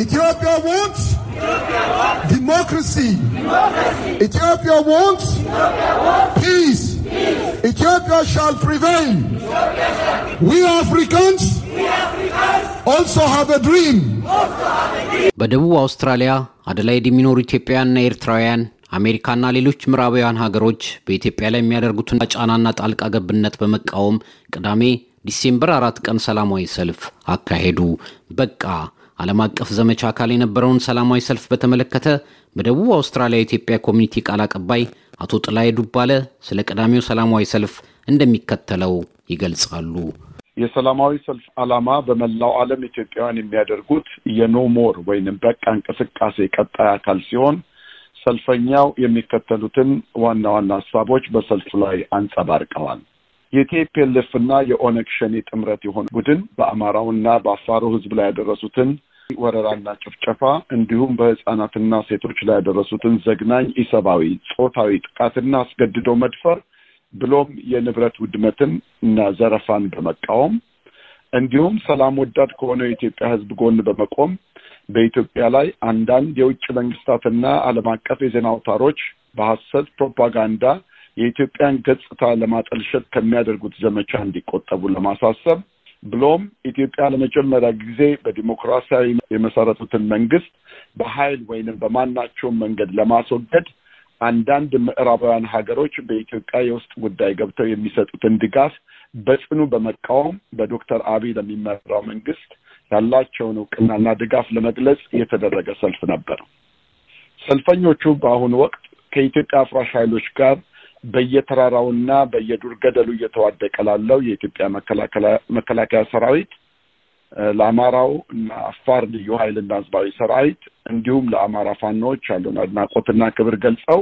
Ethiopia wants democracy. Ethiopia wants peace. Ethiopia shall prevail. We Africans also have a dream. በደቡብ አውስትራሊያ አደላይድ የሚኖሩ ኢትዮጵያውያንና ኤርትራውያን አሜሪካና ሌሎች ምዕራባውያን ሀገሮች በኢትዮጵያ ላይ የሚያደርጉትን ጫናና ጣልቃ ገብነት በመቃወም ቅዳሜ ዲሴምበር አራት ቀን ሰላማዊ ሰልፍ አካሄዱ። በቃ ዓለም አቀፍ ዘመቻ አካል የነበረውን ሰላማዊ ሰልፍ በተመለከተ በደቡብ አውስትራሊያ የኢትዮጵያ ኮሚኒቲ ቃል አቀባይ አቶ ጥላይ ዱባለ ስለ ቅዳሜው ሰላማዊ ሰልፍ እንደሚከተለው ይገልጻሉ። የሰላማዊ ሰልፍ ዓላማ በመላው ዓለም ኢትዮጵያውያን የሚያደርጉት የኖ ሞር ወይንም በቃ እንቅስቃሴ ቀጣይ አካል ሲሆን ሰልፈኛው የሚከተሉትን ዋና ዋና ሀሳቦች በሰልፉ ላይ አንጸባርቀዋል። የቲፒኤልኤፍ እና የኦነግ ሸኔ ጥምረት የሆነ ቡድን በአማራውና በአፋሩ ሕዝብ ላይ ያደረሱትን ወረራና ጭፍጨፋ እንዲሁም በህጻናትና ሴቶች ላይ ያደረሱትን ዘግናኝ ኢሰብአዊ ጾታዊ ጥቃትና አስገድዶ መድፈር ብሎም የንብረት ውድመትን እና ዘረፋን በመቃወም እንዲሁም ሰላም ወዳድ ከሆነው የኢትዮጵያ ህዝብ ጎን በመቆም በኢትዮጵያ ላይ አንዳንድ የውጭ መንግስታትና ዓለም አቀፍ የዜና አውታሮች በሐሰት ፕሮፓጋንዳ የኢትዮጵያን ገጽታ ለማጠልሸት ከሚያደርጉት ዘመቻ እንዲቆጠቡ ለማሳሰብ ብሎም ኢትዮጵያ ለመጀመሪያ ጊዜ በዲሞክራሲያዊ የመሰረቱትን መንግስት በኃይል ወይንም በማናቸውም መንገድ ለማስወገድ አንዳንድ ምዕራባውያን ሀገሮች በኢትዮጵያ የውስጥ ጉዳይ ገብተው የሚሰጡትን ድጋፍ በጽኑ በመቃወም በዶክተር አብይ ለሚመራው መንግስት ያላቸውን እውቅናና ድጋፍ ለመግለጽ የተደረገ ሰልፍ ነበር። ሰልፈኞቹ በአሁኑ ወቅት ከኢትዮጵያ አፍራሽ ኃይሎች ጋር በየተራራውና በየዱር ገደሉ እየተዋደቀ ላለው የኢትዮጵያ መከላከያ ሰራዊት ለአማራው እና አፋር ልዩ ኃይልና ህዝባዊ ሰራዊት እንዲሁም ለአማራ ፋኖዎች ያሉን አድናቆትና ክብር ገልጸው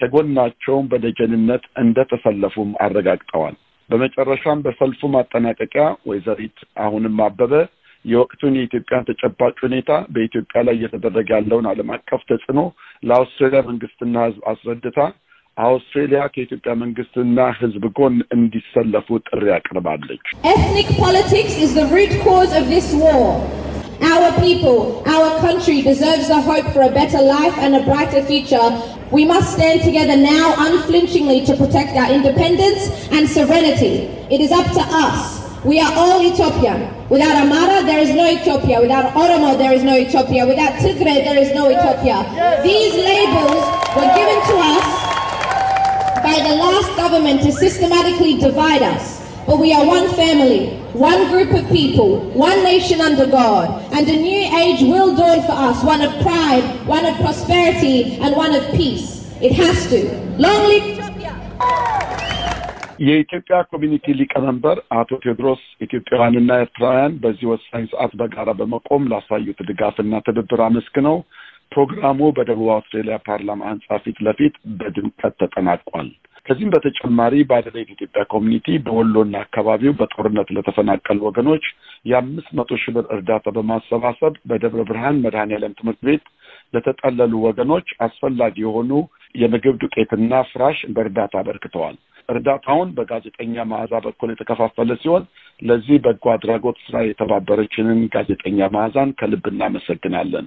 ከጎናቸውም በደጀንነት እንደተሰለፉም አረጋግጠዋል። በመጨረሻም በሰልፉ ማጠናቀቂያ ወይዘሪት አሁንም አበበ የወቅቱን የኢትዮጵያን ተጨባጭ ሁኔታ በኢትዮጵያ ላይ እየተደረገ ያለውን ዓለም አቀፍ ተጽዕኖ ለአውስትራሊያ መንግስትና ህዝብ አስረድታ አውስትሬሊያ ከኢትዮጵያ መንግስትና ህዝብ ጎን እንዲሰለፉ ጥሪ ያቀርባለች። ኤትኒክ ፖለቲክስ ኢዝ ዘ ሩት ኮዝ ኦፍ ዚስ ዋር Our people, our country deserves a hope for a better life and a brighter future. We must stand together now unflinchingly to protect our independence and serenity. It is up to us. We are all Ethiopia. Without Amara, there is no Ethiopia. Without Oromo, there is no Ethiopia. Without Tigray, there is no Ethiopia. These labels were given to us by the last government to systematically divide us. But we are one family, one group of people, one nation under God. And a new age will dawn for us, one of pride, one of prosperity, and one of peace. It has to. Long live Ethiopia! የኢትዮጵያ ኮሚኒቲ ሊቀመንበር አቶ ቴዎድሮስ ኢትዮጵያውያንና ኤርትራውያን በዚህ ወሳኝ ሰዓት በጋራ በመቆም ላሳዩት ድጋፍና ትብብር አመስግነው ፕሮግራሙ በደቡብ አውስትሬሊያ ፓርላማ ህንፃ ፊት ለፊት በድምቀት ተጠናቋል። ከዚህም በተጨማሪ በአደላይድ ኢትዮጵያ ኮሚኒቲ በወሎና አካባቢው በጦርነት ለተፈናቀሉ ወገኖች የአምስት መቶ ሺህ ብር እርዳታ በማሰባሰብ በደብረ ብርሃን መድኃኔዓለም ትምህርት ቤት ለተጠለሉ ወገኖች አስፈላጊ የሆኑ የምግብ ዱቄትና ፍራሽ በእርዳታ አበርክተዋል። እርዳታውን በጋዜጠኛ መዓዛ በኩል የተከፋፈለ ሲሆን ለዚህ በጎ አድራጎት ስራ የተባበረችንን ጋዜጠኛ መዓዛን ከልብ እናመሰግናለን።